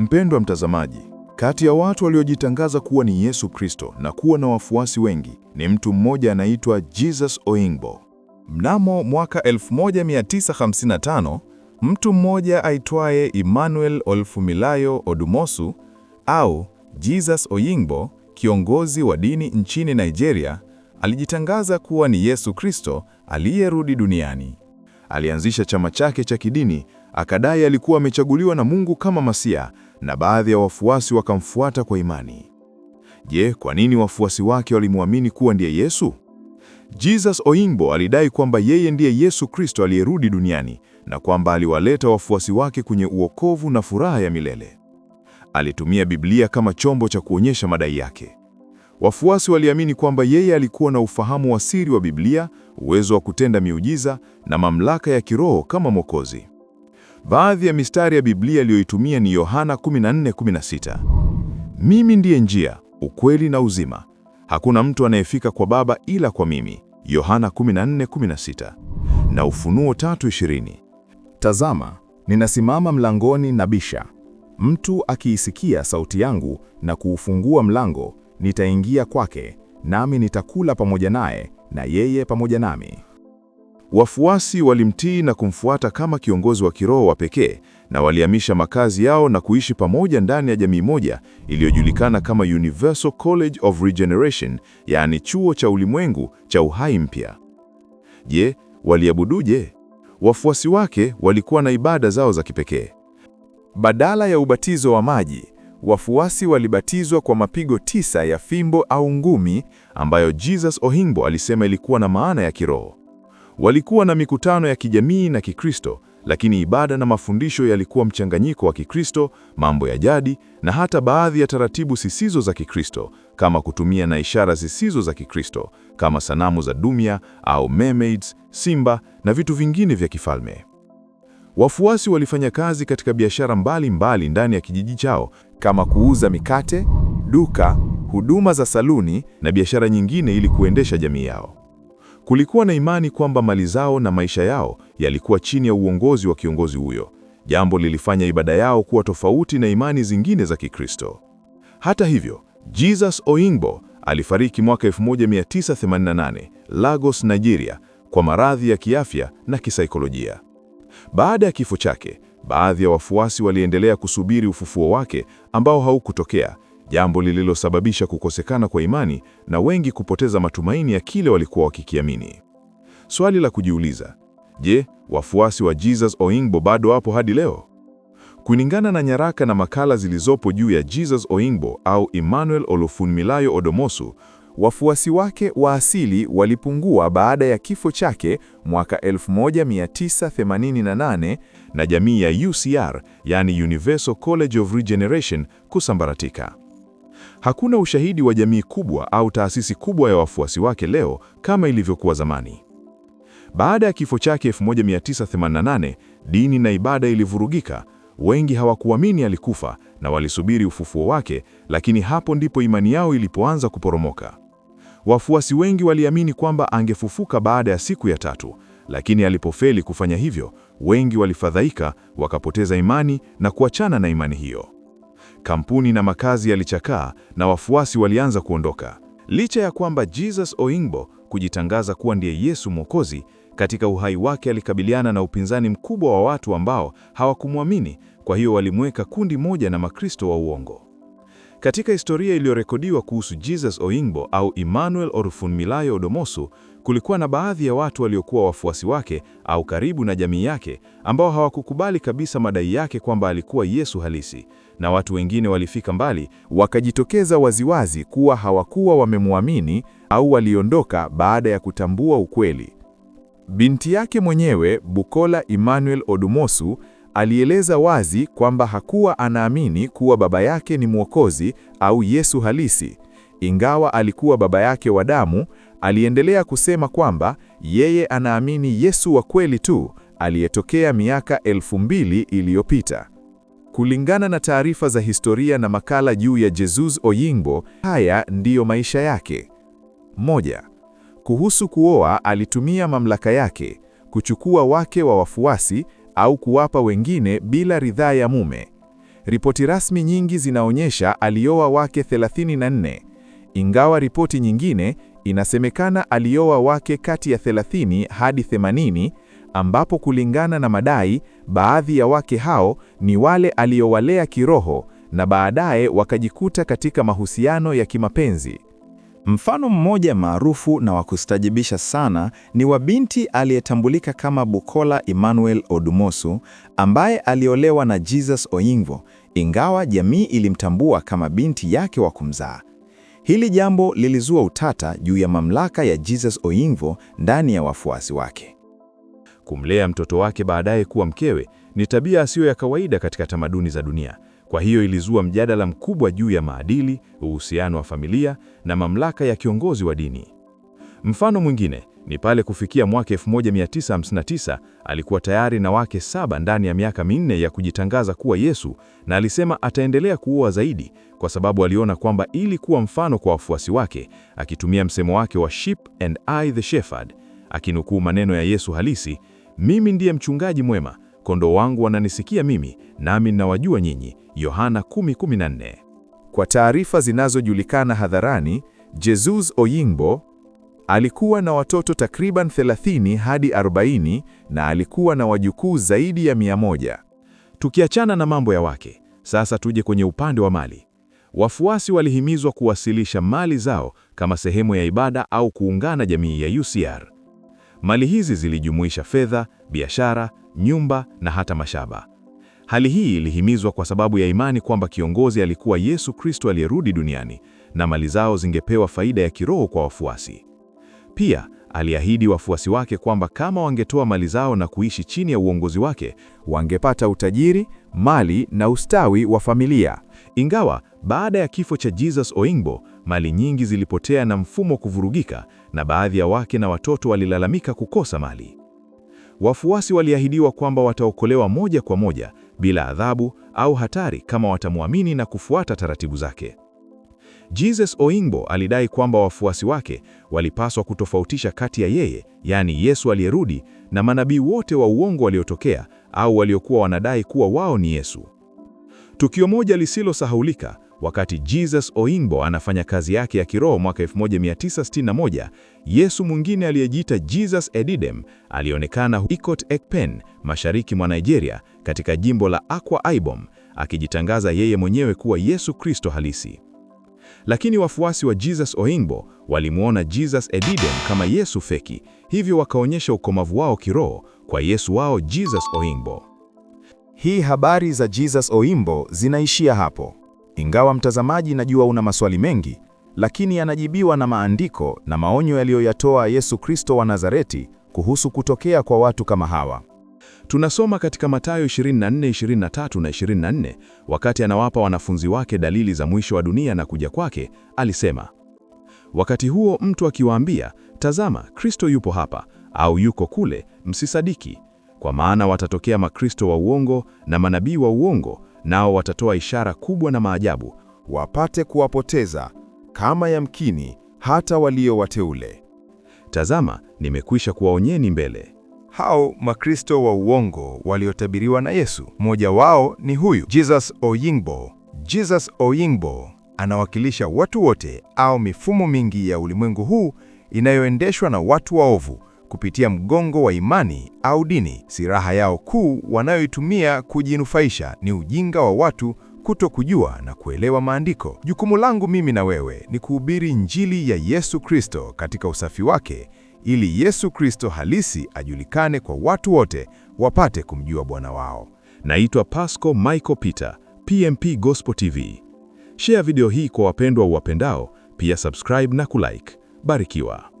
Mpendwa mtazamaji, kati ya watu waliojitangaza kuwa ni Yesu Kristo na kuwa na wafuasi wengi ni mtu mmoja anaitwa Jesus Oingbo. Mnamo mwaka 1955 mtu mmoja aitwaye Emmanuel Olfumilayo Odumosu au Jesus Oyingbo, kiongozi wa dini nchini Nigeria, alijitangaza kuwa ni Yesu Kristo aliyerudi duniani. Alianzisha chama chake cha kidini, akadai alikuwa amechaguliwa na Mungu kama Masia na baadhi ya wafuasi wakamfuata kwa imani. Je, kwa nini wafuasi wake walimwamini kuwa ndiye Yesu? Jesus Oyingbo alidai kwamba yeye ndiye Yesu Kristo aliyerudi duniani na kwamba aliwaleta wafuasi wake kwenye uokovu na furaha ya milele. Alitumia Biblia kama chombo cha kuonyesha madai yake. Wafuasi waliamini kwamba yeye alikuwa na ufahamu wa siri wa Biblia, uwezo wa kutenda miujiza na mamlaka ya kiroho kama Mwokozi. Baadhi ya mistari ya Biblia aliyoitumia ni Yohana 14:16, mimi ndiye njia, ukweli na uzima, hakuna mtu anayefika kwa Baba ila kwa mimi, Yohana 14:16 na Ufunuo 3:20, tazama ninasimama mlangoni nabisha, mtu akiisikia sauti yangu na kuufungua mlango, nitaingia kwake, nami nitakula pamoja naye na yeye pamoja nami. Wafuasi walimtii na kumfuata kama kiongozi wa kiroho wa pekee na walihamisha makazi yao na kuishi pamoja ndani ya jamii moja iliyojulikana kama Universal College of Regeneration, yaani chuo cha ulimwengu cha uhai mpya. Je, waliabuduje? Wafuasi wake walikuwa na ibada zao za kipekee. Badala ya ubatizo wa maji, wafuasi walibatizwa kwa mapigo tisa ya fimbo au ngumi ambayo Jesus Ohingbo alisema ilikuwa na maana ya kiroho. Walikuwa na mikutano ya kijamii na Kikristo, lakini ibada na mafundisho yalikuwa mchanganyiko wa Kikristo, mambo ya jadi na hata baadhi ya taratibu zisizo za Kikristo, kama kutumia na ishara zisizo za Kikristo, kama sanamu za dumia au mermaids, simba na vitu vingine vya kifalme. Wafuasi walifanya kazi katika biashara mbalimbali ndani ya kijiji chao, kama kuuza mikate, duka, huduma za saluni na biashara nyingine ili kuendesha jamii yao. Kulikuwa na imani kwamba mali zao na maisha yao yalikuwa chini ya uongozi wa kiongozi huyo, jambo lilifanya ibada yao kuwa tofauti na imani zingine za Kikristo. Hata hivyo, Jesus Oyingbo alifariki mwaka 1988 Lagos, Nigeria, kwa maradhi ya kiafya na kisaikolojia. Baada ya kifo chake, baadhi ya wafuasi waliendelea kusubiri ufufuo wake ambao haukutokea, jambo lililosababisha kukosekana kwa imani na wengi kupoteza matumaini ya kile walikuwa wakikiamini. Swali la kujiuliza, je, wafuasi wa Jesus Oingbo bado wapo hadi leo? Kulingana na nyaraka na makala zilizopo juu ya Jesus Oingbo au Emmanuel Olofunmilayo Odomosu, wafuasi wake wa asili walipungua baada ya kifo chake mwaka 1988 na jamii ya UCR, yani Universal College of Regeneration, kusambaratika. Hakuna ushahidi wa jamii kubwa au taasisi kubwa ya wafuasi wake leo kama ilivyokuwa zamani. Baada ya kifo chake 1988, dini na ibada ilivurugika. Wengi hawakuamini alikufa na walisubiri ufufuo wake, lakini hapo ndipo imani yao ilipoanza kuporomoka. Wafuasi wengi waliamini kwamba angefufuka baada ya siku ya tatu, lakini alipofeli kufanya hivyo, wengi walifadhaika, wakapoteza imani na kuachana na imani hiyo kampuni na makazi yalichakaa na wafuasi walianza kuondoka. Licha ya kwamba Jesus Oingbo kujitangaza kuwa ndiye Yesu Mwokozi, katika uhai wake alikabiliana na upinzani mkubwa wa watu ambao hawakumwamini, kwa hiyo walimweka kundi moja na Makristo wa uongo. Katika historia iliyorekodiwa kuhusu Jesus Oingbo au Emmanuel Orufunmilayo Odomosu, kulikuwa na baadhi ya watu waliokuwa wafuasi wake au karibu na jamii yake ambao hawakukubali kabisa madai yake kwamba alikuwa Yesu halisi na watu wengine walifika mbali, wakajitokeza waziwazi kuwa hawakuwa wamemwamini au waliondoka baada ya kutambua ukweli. Binti yake mwenyewe Bukola Emmanuel Odumosu alieleza wazi kwamba hakuwa anaamini kuwa baba yake ni Mwokozi au Yesu halisi. Ingawa alikuwa baba yake wa damu, aliendelea kusema kwamba yeye anaamini Yesu wa kweli tu aliyetokea miaka elfu mbili iliyopita. Kulingana na taarifa za historia na makala juu ya Jesus Oyingbo, haya ndiyo maisha yake. Moja, kuhusu kuoa, alitumia mamlaka yake kuchukua wake wa wafuasi au kuwapa wengine bila ridhaa ya mume. Ripoti rasmi nyingi zinaonyesha alioa wake 34, ingawa ripoti nyingine inasemekana alioa wake kati ya 30 hadi 80 ambapo kulingana na madai, baadhi ya wake hao ni wale aliowalea kiroho na baadaye wakajikuta katika mahusiano ya kimapenzi. Mfano mmoja maarufu na wa kustajibisha sana ni wa binti aliyetambulika kama Bukola Emmanuel Odumosu ambaye aliolewa na Jesus Oyingvo, ingawa jamii ilimtambua kama binti yake wa kumzaa. Hili jambo lilizua utata juu ya mamlaka ya Jesus Oyingvo ndani ya wafuasi wake. Kumlea mtoto wake baadaye kuwa mkewe ni tabia asiyo ya kawaida katika tamaduni za dunia. Kwa hiyo ilizua mjadala mkubwa juu ya maadili, uhusiano wa familia na mamlaka ya kiongozi wa dini. Mfano mwingine ni pale kufikia mwaka 1959 alikuwa tayari na wake saba ndani ya miaka minne ya kujitangaza kuwa Yesu, na alisema ataendelea kuoa zaidi kwa sababu aliona kwamba ili kuwa mfano kwa wafuasi wake, akitumia msemo wake wa Sheep and I the Shepherd, akinukuu maneno ya Yesu halisi mimi ndiye mchungaji mwema, kondoo wangu wananisikia mimi, nami ninawajua nyinyi. Yohana 10:14. Kwa taarifa zinazojulikana hadharani, Jesus Oyingbo alikuwa na watoto takriban 30 hadi 40 na alikuwa na wajukuu zaidi ya 100. Tukiachana na mambo ya wake, sasa tuje kwenye upande wa mali. Wafuasi walihimizwa kuwasilisha mali zao kama sehemu ya ibada au kuungana jamii ya UCR. Mali hizi zilijumuisha fedha, biashara, nyumba na hata mashamba. Hali hii ilihimizwa kwa sababu ya imani kwamba kiongozi alikuwa Yesu Kristo aliyerudi duniani na mali zao zingepewa faida ya kiroho kwa wafuasi. Pia aliahidi wafuasi wake kwamba kama wangetoa mali zao na kuishi chini ya uongozi wake, wangepata utajiri, mali na ustawi wa familia. Ingawa baada ya kifo cha Jesus Oingbo, mali nyingi zilipotea na mfumo kuvurugika, na baadhi ya wake na watoto walilalamika kukosa mali. Wafuasi waliahidiwa kwamba wataokolewa moja kwa moja bila adhabu au hatari kama watamwamini na kufuata taratibu zake. Jesus Oingbo alidai kwamba wafuasi wake walipaswa kutofautisha kati ya yeye, yaani Yesu aliyerudi, na manabii wote wa uongo waliotokea au waliokuwa wanadai kuwa wao ni Yesu. Tukio moja lisilosahaulika, wakati Jesus oingbo anafanya kazi yake ya kiroho mwaka 1961, Yesu mwingine aliyejiita Jesus Edidem alionekana Ikot Ekpen, mashariki mwa Nigeria, katika jimbo la Akwa Ibom, akijitangaza yeye mwenyewe kuwa Yesu Kristo halisi. Lakini wafuasi wa Jesus oingbo walimwona Jesus Edidem kama Yesu feki, hivyo wakaonyesha ukomavu wao kiroho kwa Yesu wao Jesus oingbo hii habari za Jesus Oimbo zinaishia hapo. Ingawa mtazamaji, najua una maswali mengi, lakini yanajibiwa na maandiko na maonyo yaliyoyatoa Yesu Kristo wa Nazareti kuhusu kutokea kwa watu kama hawa. Tunasoma katika Mathayo 2423 na 24, wakati anawapa wanafunzi wake dalili za mwisho wa dunia na kuja kwake, alisema, wakati huo mtu akiwaambia, tazama Kristo yupo hapa au yuko kule, msisadiki kwa maana watatokea makristo wa uongo na manabii wa uongo, nao watatoa ishara kubwa na maajabu, wapate kuwapoteza kama yamkini hata walio wateule. Tazama, nimekwisha kuwaonyeni mbele. Hao makristo wa uongo waliotabiriwa na Yesu, mmoja wao ni huyu Jesus Oyingbo. Jesus Oyingbo anawakilisha watu wote au mifumo mingi ya ulimwengu huu inayoendeshwa na watu waovu kupitia mgongo wa imani au dini. Silaha yao kuu wanayoitumia kujinufaisha ni ujinga wa watu kuto kujua na kuelewa maandiko. Jukumu langu mimi na wewe ni kuhubiri Injili ya Yesu Kristo katika usafi wake, ili Yesu Kristo halisi ajulikane kwa watu wote, wapate kumjua Bwana wao. Naitwa Pasco Michael Peter, PMP Gospel TV. Share video hii kwa wapendwa uwapendao, pia subscribe na kulike. Barikiwa.